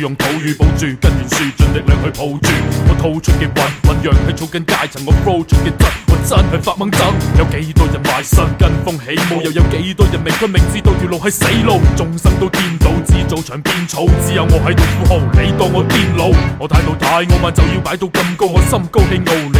用土壤保住根，跟住樹盡力量去抱住。我吐出嘅雲，雲揚係草根階層我播出嘅真，我真係發猛憎，有幾多人賣身跟風起舞，又有幾多人明君明知道條路係死路，眾生都顛倒，自造場變草。只有我喺度呼號，你當我癲佬，我態度太傲慢，就要擺到咁高，我心高氣傲。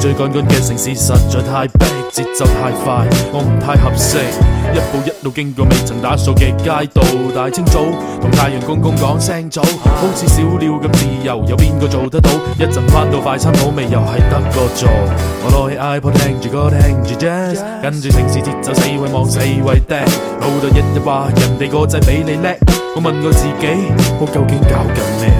最近嘅城市實在太逼，節奏太快，我唔太合適。一步一路經過未曾打掃嘅街道，大清早同太陽公公講聲早，好似小鳥咁自由，有邊個做得到？一陣翻到快餐好味又係得個做。我攞起 iPod 聽住歌，聽住 jazz。跟住城市節奏四圍望四圍睇，好多人日話人哋個仔比你叻。我問我自己，我究竟搞緊咩？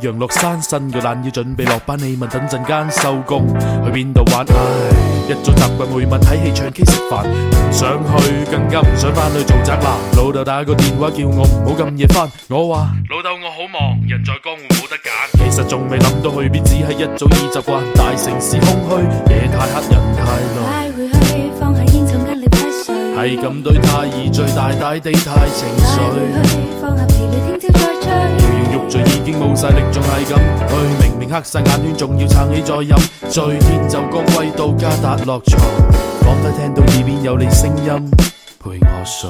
陽落山，新個懶要準備落班，你問等陣間收工去邊度玩？唉，一早習慣每晚睇戲、唱 K、食飯，唔想去，更加唔想翻去做宅男。老豆打個電話叫我唔好咁夜翻，我話老豆我好忙，人在江湖冇得揀。其實仲未諗到去邊，只係一早已習慣大城市空虛，夜太黑人太耐。快回去，放下煙酒，壓力太碎，係咁對太易，最大大地太情緒。快回去，放下事了，聽朝再追。醉已經冇晒力，仲係咁佢明明黑晒眼圈，仲要撐起再飲。醉天就光歸到家，搭落床，講得聽到耳邊有你聲音，陪我睡。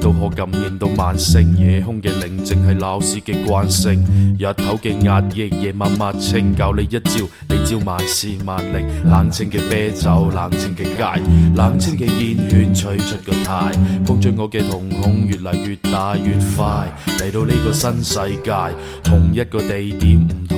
都可感應到萬星夜空嘅寧靜，係鬧市嘅慣性，日頭嘅壓抑，夜晚抹清，教你一招，你招萬事萬靈，冷清嘅啤酒，冷清嘅街，冷清嘅煙圈吹出個態，擴張我嘅瞳孔越嚟越大越快，嚟到呢個新世界，同一個地點唔同。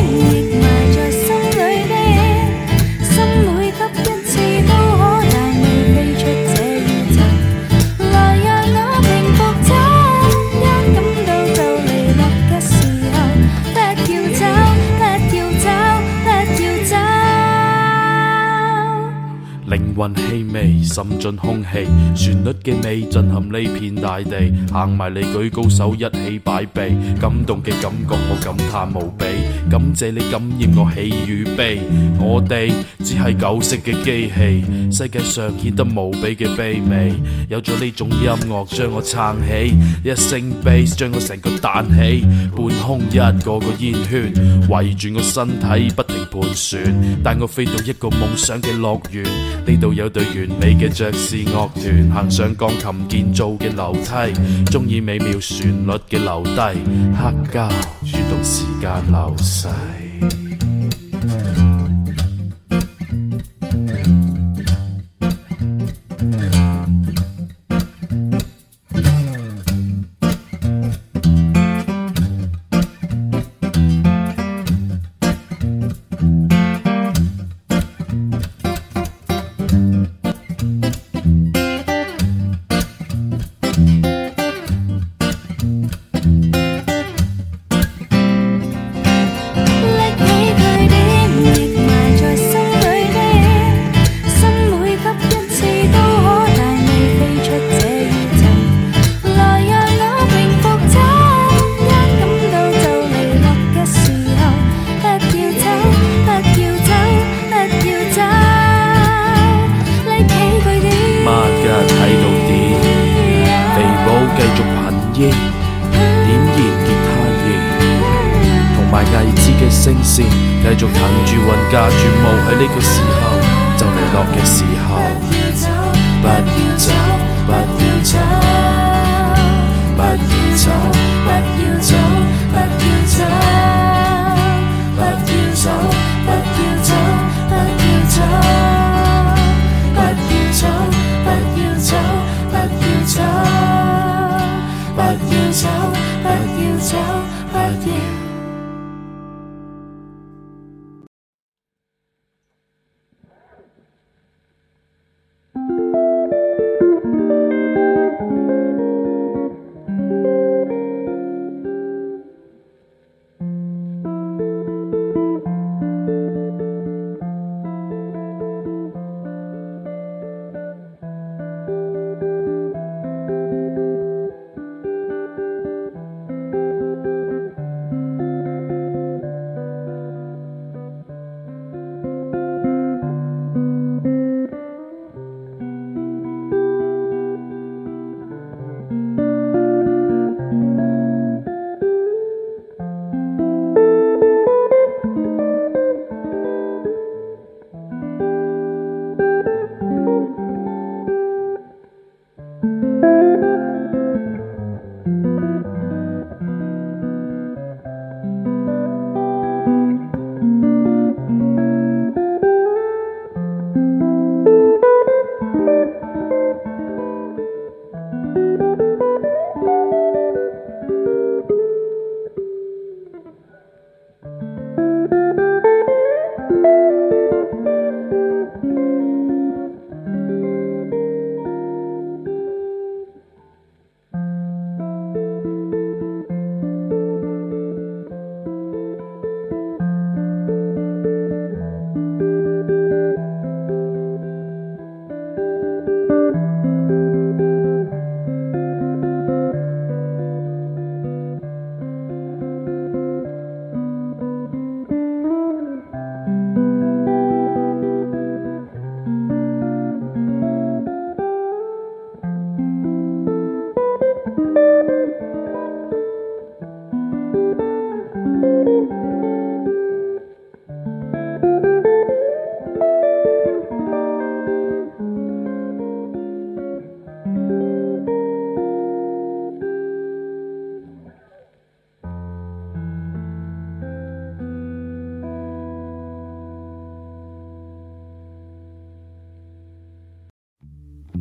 雲氣味滲進空氣，旋律嘅味震撼呢片大地。行埋你舉高手，一起擺臂，感動嘅感覺我感嘆無比。感謝你感染我喜與悲。我哋只係舊式嘅機器，世界上顯得無比嘅卑微。有咗呢種音樂將我撐起，一聲 bass 將我成個彈起，半空一個個煙圈圍住我身體不停盤旋，帶我飛到一個夢想嘅樂園，呢度。有對完美嘅爵士樂團，行上鋼琴建造嘅樓梯，中意美妙旋律嘅留低，黑膠，主動時間流逝。